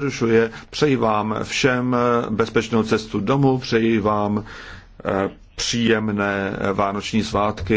přerušuje. Přeji vám všem eh, bezpečnou cestu domů, přeji vám eh, příjemné eh, vánoční svátky.